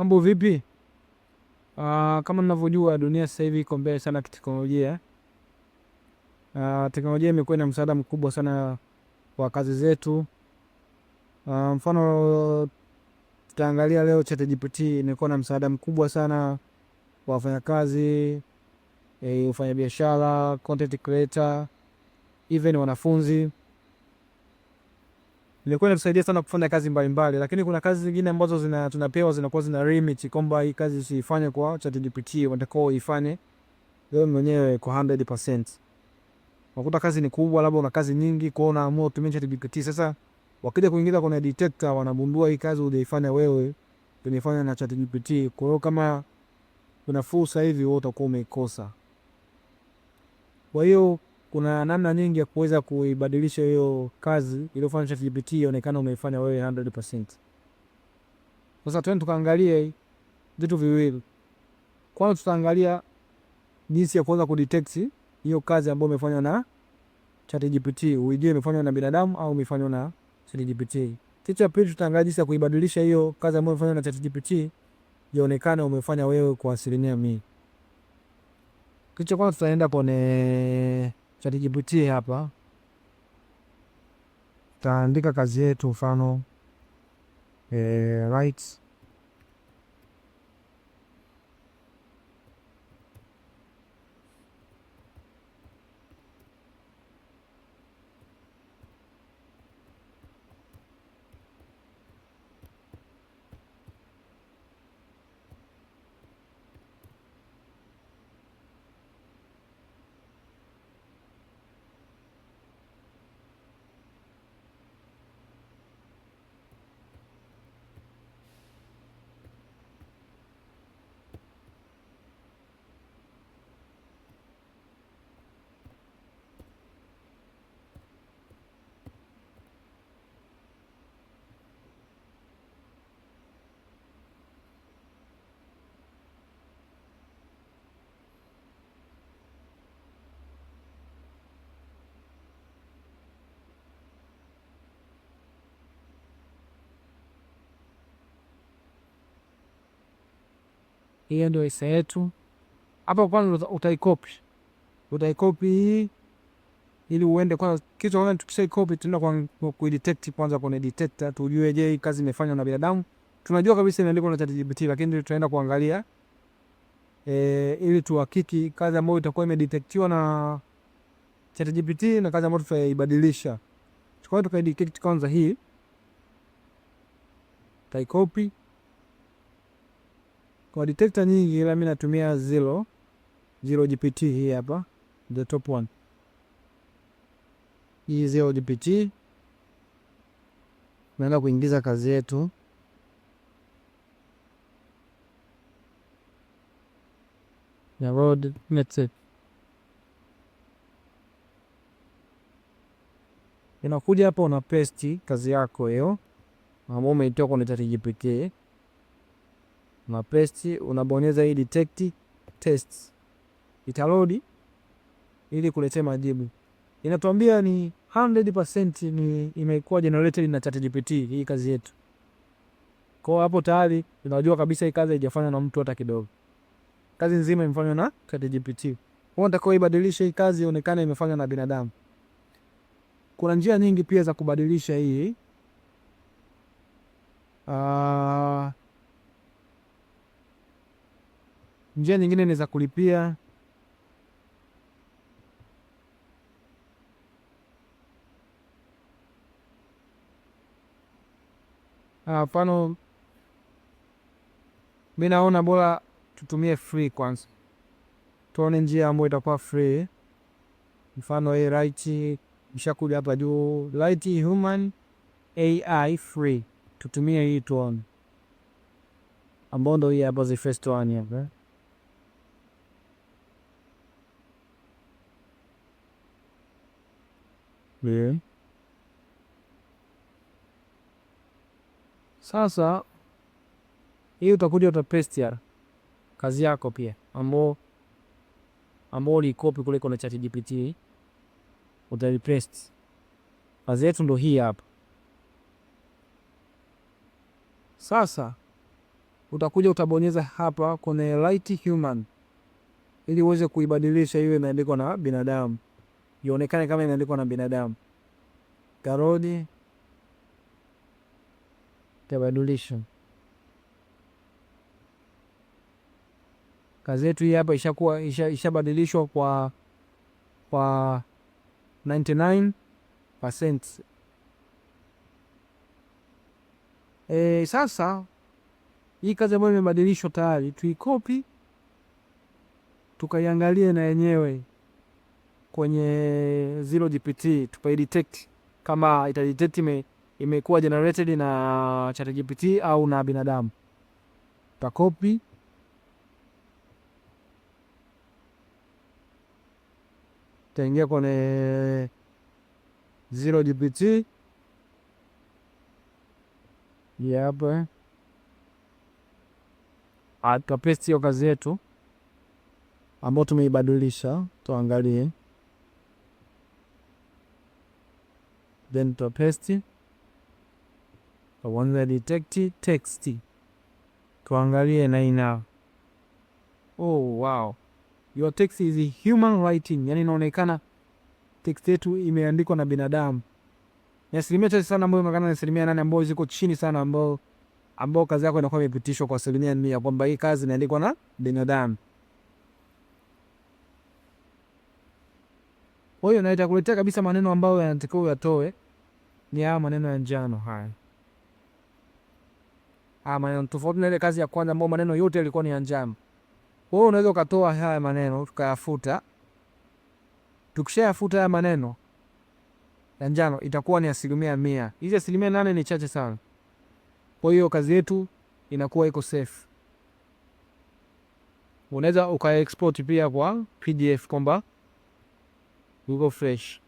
Mambo vipi? Uh, kama mnavyojua dunia sasa hivi iko mbele sana kiteknolojia. Uh, teknolojia imekuwa na msaada mkubwa sana kwa kazi zetu. Uh, mfano tutaangalia leo ChatGPT imekuwa na msaada mkubwa sana kwa wafanyakazi, e, eh, wafanyabiashara, content creator, even wanafunzi. Ilikuwa inatusaidia sana kufanya kazi mbalimbali, mbali. lakini kuna kazi zingine ambazo zina, tunapewa zinakuwa zina limit kwamba hii kazi usiifanye kwa ChatGPT, unatakiwa uifanye wewe mwenyewe kwa 100%. Unakuta kazi ni kubwa, labda una kazi nyingi, kwa hiyo unaamua utumie ChatGPT. Sasa wakija kuingiza kwenye detector, wanagundua hii kazi hujaifanya wewe, umeifanya na ChatGPT. Kwa hiyo kama kuna fursa hivi, wewe utakuwa umeikosa. Kwa hiyo kuna namna nyingi ya kuweza kuibadilisha hiyo kazi iliyofanya ChatGPT ionekane umeifanya wewe 100%. Sasa twende tukaangalie vitu viwili. Kwanza tutaangalia jinsi ya kuweza kudetect hiyo kazi ambayo umefanywa na ChatGPT, uijue imefanywa na binadamu au imefanywa na ChatGPT. Kitu cha pili tutaangalia jinsi ya kuibadilisha hiyo kazi ambayo imefanywa na ChatGPT ionekane umefanya wewe kwa asilimia mia. Kitu cha kwanza tutaenda kwenye ChatGPT hapa taandika kazi yetu, mfano eh, write Hiyo ndio hisa yetu hapa. Kwanza utaikopi, utaikopi hii ili uende kwanza, kitu kwanza. Tukishaikopi tunaenda kwa kuidetect kwanza kwenye detector, tujue je, hii kazi imefanywa na binadamu. Tunajua kabisa imeandikwa na ChatGPT, lakini tutaenda kuangalia e, ili tuhakiki kazi ambayo itakuwa imedetectiwa na ChatGPT na kazi ambayo tutaibadilisha. Kwa hiyo tukaidetect kwanza hii, taikopi kwa detector nyingi, ila mimi natumia zero zero GPT. Hii hapa the top one, hii zero GPT. Naenda kuingiza kazi yetu ya road method, inakuja hapa, una paste kazi yako hiyo ambao umeitoa kwenye ChatGPT una paste, unabonyeza hii detect test, italodi ili kuletea majibu. Inatuambia ni 100% ni imekuwa generated na ChatGPT hii kazi yetu. Kwa hapo tayari tunajua kabisa hii kazi haijafanywa na mtu hata kidogo. Kazi nzima imefanywa na ChatGPT. Wewe unataka ibadilisha hii kazi ionekane imefanywa na binadamu. Kuna njia nyingi pia za kubadilisha hii. Ah, uh, Njia nyingine ni za kulipia. Ah, mfano, mi naona bora tutumie free kwanza, tuone njia ambayo itakuwa free. Mfano hii right ishakuja hapa juu, right human AI free, tutumie hii tuone, ambao ndo hii hapa the first one hapa Ndiyo. Sasa hii utakuja utapaste ya kazi yako pia ambao ambao ulikopi kule kwenye ChatGPT utaipaste. Kazi yetu ndo hii hapa. Sasa utakuja utabonyeza hapa kwenye right human ili uweze kuibadilisha iwe imeandikwa na binadamu ionekane kama imeandikwa na binadamu. Karodi tabadilisho. Kazi yetu hii hapa ishakuwa ishabadilishwa isha kwa kwa 99%. E, sasa hii kazi ambayo imebadilishwa tayari tuikopi tukaiangalie na yenyewe kwenye zero GPT tupaidetect kama itadetect ime, imekuwa generated na ChatGPT au na binadamu. Takopi taingia kwenye zero GPT yapa atapesti hiyo kazi yetu ambayo tumeibadilisha, tuangalie then to paste kabonyeza detect text, tuangalie na ina oh, wow your text is human writing, yani inaonekana text yetu imeandikwa na binadamu. Ni asilimia chache sana ambayo inaonekana, ni asilimia nane ambayo ziko chini sana, ambao ambao kazi yako inakuwa imepitishwa kwa asilimia mia kwamba hii kazi inaandikwa na binadamu. Kwa hiyo na kabisa maneno ambayo yanatakiwa uyatoe ni haya maneno ya njano haya. Haya maneno tofauti na ile kazi ya kwanza ambayo maneno yote yalikuwa ni ya njano. Kwa hiyo unaweza ukatoa haya maneno tukayafuta. Tukishayafuta haya maneno ya njano itakuwa ni asilimia mia. Hizi asilimia nane ni chache sana. Kwa hiyo kazi yetu inakuwa iko safe. Unaweza ukaexport pia kwa PDF kwamba Google Fish